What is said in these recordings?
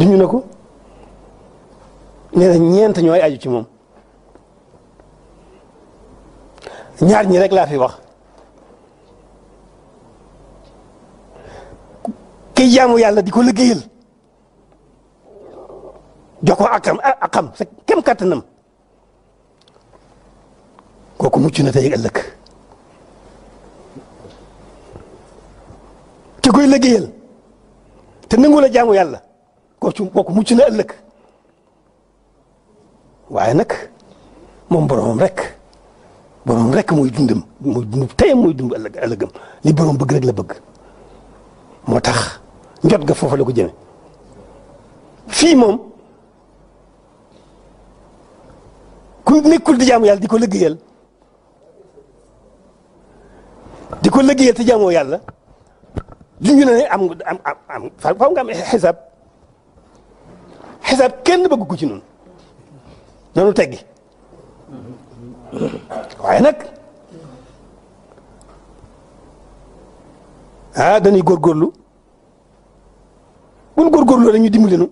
junj na ko nee na ñeent ñooy aju ci moom ñaar ñi rek laa fi wax ki jaamu yàlla di ko liggéeyal jox ko akam ah, akam sa kem kàttanam kooku mucc na tey ëllëg ki koy liggéeyal te nangu la jaamu yàlla kooku kooku mucc na ëllëg waaye nag moom boroom rek boroom rek mooy dundam mooy dund tey mooy dund ëllëg ëllëgam li boroom bëgg rek la bëgg moo tax njot ga foofa la ko jëme fii moom ku nekkul di jaamu yàlla di ko liggéeyal di ko liggéeyal te jaamoo yàlla duñu ne am am am faaw nga am xisaab xisaab kenn bëgg ko ci noonu nanu teggi waaye nag ah dañuy góorgóorlu bu ñu góorgóorlu rek ñu dimbali nu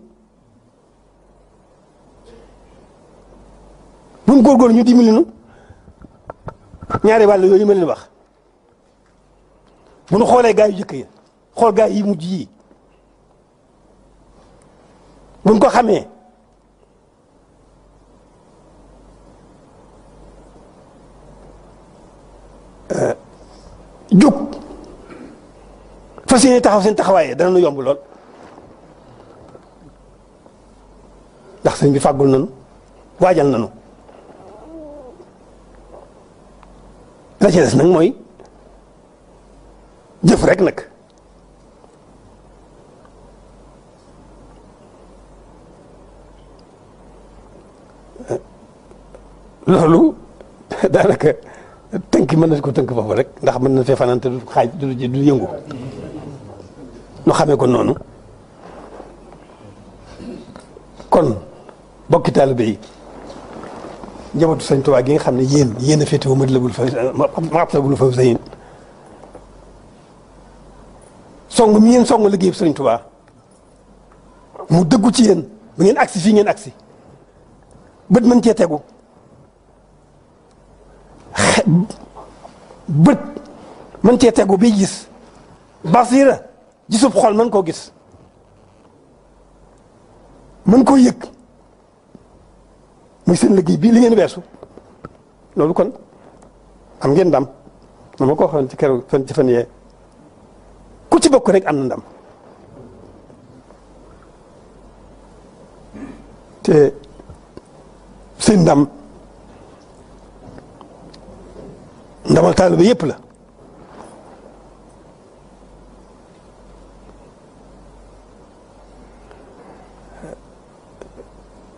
bu ñu góorgóorlu ñu dimbali ñaari wàll yooyu ma leen wax bu ñu xoolee gaa yu jëkk yi xool gaa yi mujj yi buñ ko xamee euh, jug fas yéene taxaw seen taxawaaye dana nu yomb lool ndax sëñ bi fàggul nanu waajal nanu la ci des mooy jëf rek nag loolu daanaka tënk mën nañ ko tënk foofu rek ndax mën na fee fanaan te du xaaj du du nu xamee kon noonu kon bokki taalibe yi njabootu Sëñ Tuubaa gi nga xam ne yéen yéen a féetewoo Matlabul Fawzayni bul Fawzayni song mi ngeen song liggéey Sëñ Tuubaa mu dëggu ci yéen ba ngeen agsi fii ngeen agsi bët mën cee tegu bët mën cee tegu bi gis bas basira gisub xool mën koo gis mën ko yëg muy seen liggéey bii li ngeen weesu loolu kon am ngeen ndam na ma ko waxoon ci keroog fan ci fan yee ku ci bokk rek am na ndam te seen ndamal taalibe yépp la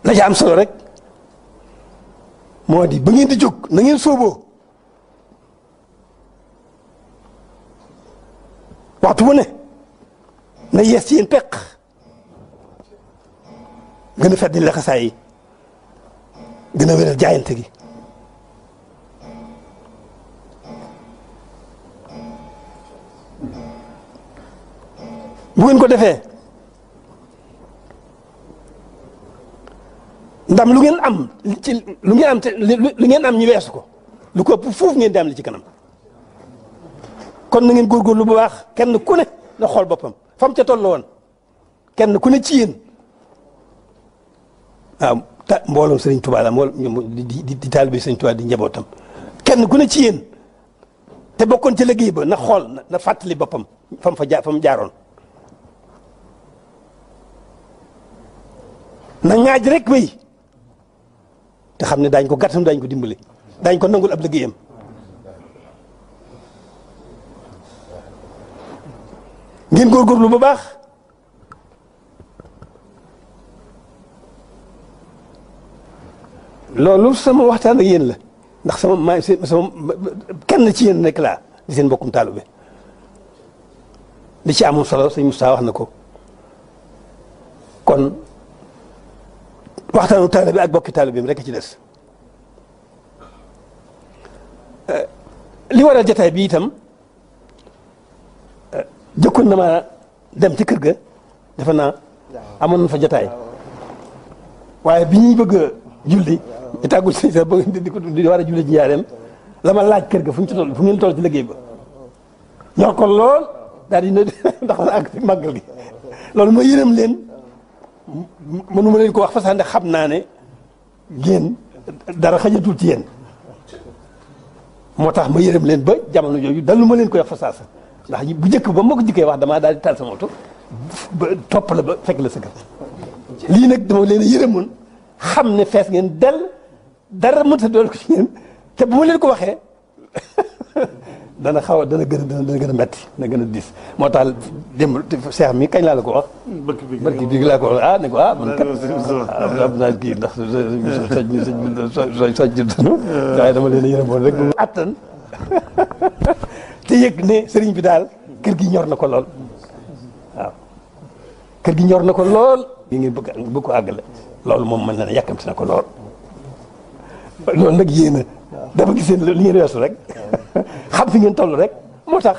la ci am solo rek moo di ba ngeen di jóg na ngeen sóoboo waxtu ne na yees ci yéen peq gën a fedd di laxasaay yi gën a wéral jaayante gi bu ko defee ndam lu ngeen am ci lu ngeen lu ngeen am weesu ko lu ko ëpp fuuf ngeen di am li ci kanam kon na ngeen lu bu baax kenn ku ne na xool boppam fam ca la woon kenn ku ne ci yen waaw ta mbooloom sëriñ Tuubaa la mbool di di taalibe sëriñ Tuubaa di njabootam kenn ku ne ci yéen te bokkoon ci liggéey ba na xool na fàttali boppam fam fa jaar fam jaaroon na ñaaj rek wéy te xam ne daañ ko gàttam daañ ko dimbale daañ ko nangul ab liggéeyam ngeen góorgóorlu bu baax loolu sama waxtaan ak yéen la ndax sama maa kenn ci yéen nekk laa di seen mbokkum bi di ci amoon solo sëñ Moussa wax na ko kon waxtaanu taalibe ak bokki taalibeem rek ci des li waral jataay bi itam jëkkoon na ma dem ci kër ga defe naa amoon na fa jataay waaye bi ñuy bëgg a julli di tàggul si sa bëgg di ko di war a julli ji njaareem la ma laaj kër ga fu ñu ci toll fu ngeen toll ci liggéey ba ñor ko lool daal di ne ndax ak màggal gi loolu ma yërëm leen ma leen ko wax fa xam naa ne ngeen dara xajatul ti yéen moo tax ma yërëm leen ba jamono jooju dalu ma leen koy wax fa saasa ndax bu njëkk ba ma ko jikkee wax damaa daal di taal sama oto ba topp la ba fekk la sa lii nag dama leen a yërëmoon xam ne fees ngeen del dara mënta dool ko ci ngeen te bu ma leen ko waxee dana xaw dana gën dana gën metti na gën a diis moo tax démb seex mi kañ laa la ko wax. barki bi barki bi laa ko wax ah ne ko ah. man kat am naa kii ndax soj bi soj bi soj soj bi waaye dama leen a yërëmoon rek. attan te yëg ne sëriñ bi daal kër gi ñor na ko lool waaw kër gi ñor na ko lool. yi ngeen bëgg bëgg ko àggale loolu moom mën na ne yàkkamti na ko lool loolu nag yéen a dafa gis seen li ngeen weesu rek xam fi ngeen toll rek moo tax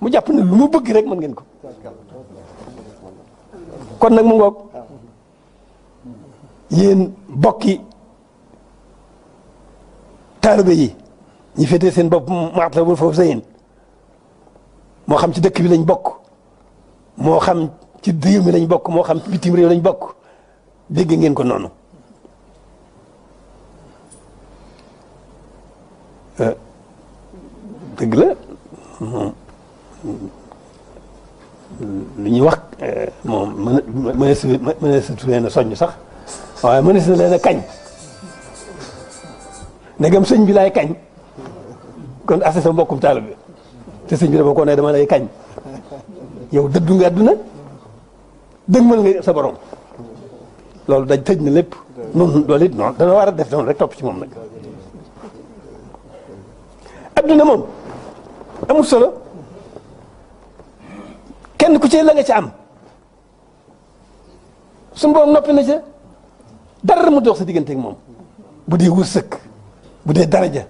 mu jàpp ne lu mu bëgg rek mën ngeen ko kon nag mu ngoog yéen bokki taalibe yi ñi féetee seen bopp Matlabul Fawzayni moo xam ci dëkk bi lañ bokk moo xam ci réew bi lañ bokk moo xam ci bitim réew lañ bokk dégg ngeen ko noonu Euh, dëgg la moom li ñuy wax euh, moom mën na mënees leen a soññ sax waaye mënees na leen a kañ ndegam sëñ bi laay kañ kon ase sa mbokkum taalibe bi te sëñ bi dafa ko ne dama lay kañ yow dëddu nga àdduna dëgmal nga sa borom loolu daj tëj na lépp noonu loolu it noonu dana war a def noonu rek topp ci moom nag. adduna moom amul solo kenn ku ci la nga ci am suñu borom noppi na ca dara mu dox sa diggante moom bu dee wërsëg bu dee daraja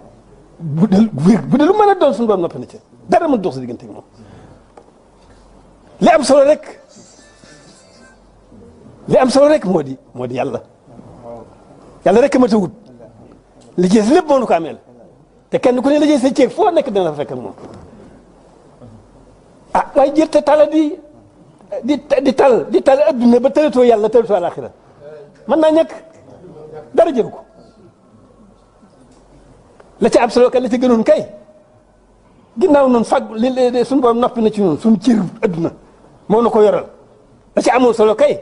bu dee bu dee lu mën a doon suñu borom noppi na ca dara mu dox sa diggante moom li am solo rek li am solo rek moo di moo di yàlla yàlla rek a mat a wut li ci moo nu ameel كان كل اللي جالس يشيك فوق انك انا فاكر مو ما جبت تعالى دي دي دي تال دي تال ابن بتلتو يلا تلتو على الاخره من نانيك درجبكو لا تعب سلوك اللي تقولون كي قلنا ننفق سن بوم نفي نتشنون سن تير ابن مو نكو يرى لا تعمو سلوك كي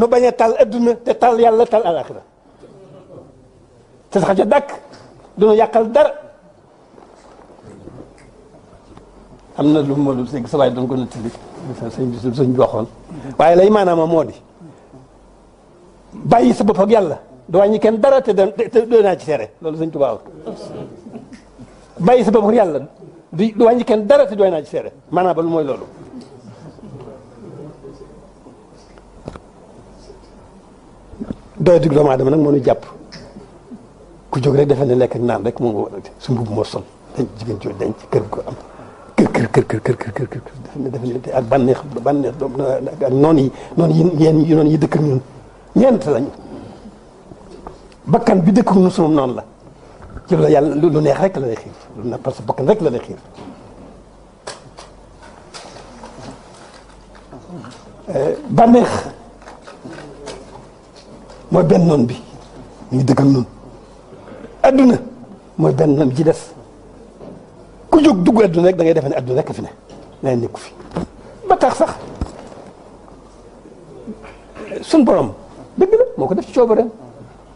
نبني تال ابن تال يلا تال على الاخره تتخجدك دون يقل درجبكو am na lu ma dul si gis waaye doon ko nettali sëñ bi sëñ bi waxoon waaye lay maanaam moo di bàyyi sa bopp ak yàlla du wàññi kenn dara te doon naa ci loolu sëñ Tuubaa sa bopp ak yàlla kenn dara te naa ci seere maanaam ba lu mooy loolu doy dug doomu aadama nag moo ñu jàpp ku jóg rek defe ne lekk naan rek moo nga war a su mbubb moo sol dañ jigéen coo denc kër ko kër kër kër kër kër kër kër ak bànneex bànneex noon yi noon yi yéen yi noon yi dëkk ak ñun ñeent lañu bakkan bi dëkk ñun sunu noonu la ci la yàlla lu neex rek la lay xiir lu parce que bakkan rek la lay xiir bànneex mooy benn noon bi ñu dëkk ak ñun adduna mooy benn noon bi ci des dugg adduna rek da ngay defe ne adduna rek fi ne ngay nekku fi ba tax sax suñ borom dëgg la moo ko def ci coobareem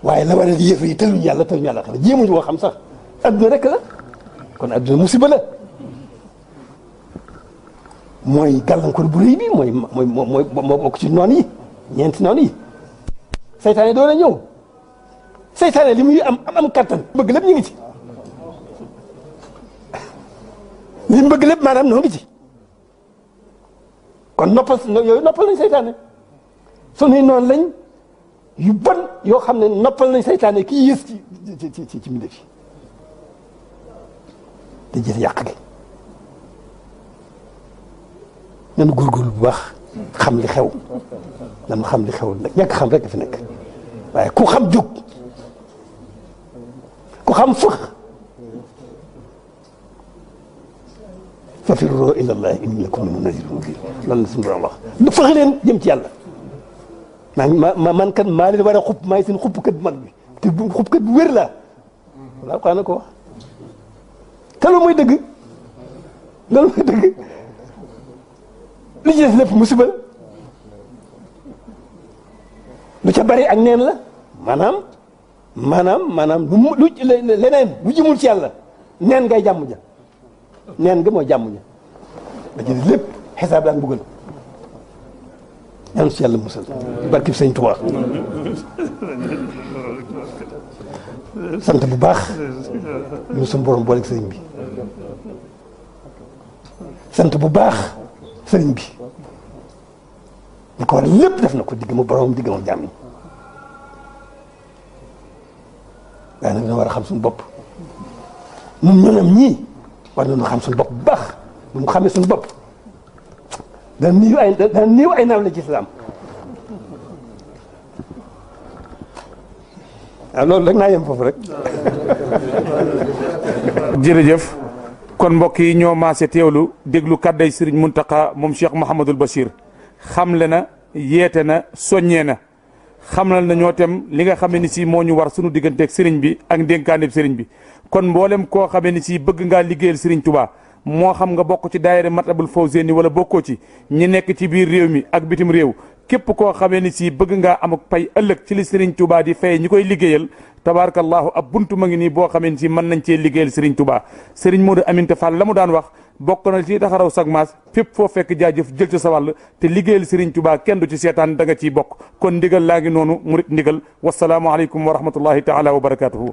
waaye la war a yëfër yi tëluñu yàlla tëluñu yàlla xam jéemuñu koo xam sax adduna rek la kon adduna musiba la mooy gàllankoor bu rëy bi mooy mooy mooy moo bokk ci noon yi ñeenti noon yi seytaane doo la ñëw seytaane li muy am am am kattan bëgg lépp ñu ngi ci li mu bëgg lépp maanaam noo ngi ci kon noppal yooyu noppal nañ seytaane sunuy noonu lañ yu bon yoo xam ne noppal nañ seytaane kii yées ci ci ci ci ci mbindéef yi da jël yàq gi nan góorgóorlu bu baax xam li xew nan xam li xew nag ñàkk xam rek fi nekk waaye ku xam jóg ku xam fëx fafirroo ilallah inni lakum minhu nadirun mubin loolu la suñu borom wax lu fexe leen jëm ci yàlla maa man kan maa leen war a xub maay seen xubkat bu mag bi te bu xubkat bu wér laa wala ko wax te loolu mooy dëgg loolu mooy dëgg li ci des la lu ca bari ak neen la maanaam maanaam maanaam lu mu lu leneen lu jëmul ci yàlla neen ngay jàmm ja neen nga mooy jàmm ña da ci lépp xisaab daan buggal ñaan si yàlla musal barki sëñ Tuubaa sant bu baax ñu suñu borom booleeg sëriñ bi sant bu baax sëriñ bi ñu ko war lépp def na ko digg ma borom digg ma jàmm ñi waaye war a xam suñu bopp ñun ñoo ñam ñii war nañu xam suñu bopp bu baax nu mu xamee suñu bopp dana néew ay dana néew ay naaw la ci islaam waaw loolu rek jërëjëf kon mbokk yi ñoo maase teewlu déglu sëriñ mun Mountakha moom Cheikh Mouhamadul Bachir xamle na yeete na soññee na xam na ñoo tem li nga xam si moo ñu war sunu digganteek sëriñ bi ak ndénkaanib sëriñ bi. kon mboolem koo xamee ni si bëgg ngaa liggéeyal Serigne Touba moo xam nga bokk ci daayira Matlabul ni wala bokkoo ci ñi nekk ci biir réew mi ak bitim réew képp koo xamee ni si bëgg nga am ak pay ëllëg ci li Serigne Touba di fay ñi koy liggéeyal tabaarakallahu ab buntu ma ngi nii boo xamee ni si mën nañ cee liggéeyal Serigne Touba Serigne Modou Aminta Fall la mu daan wax bokk na ci taxaraw sag maas fépp foo fekk jaajëf jël ci sa wàll te liggéeyal Serigne Touba kenn du ci seetaan da ciy bokk kon ndigal laa ngi noonu murit ndigal wasalaamualeykum wa rahmatullahi taala wa barakatuhu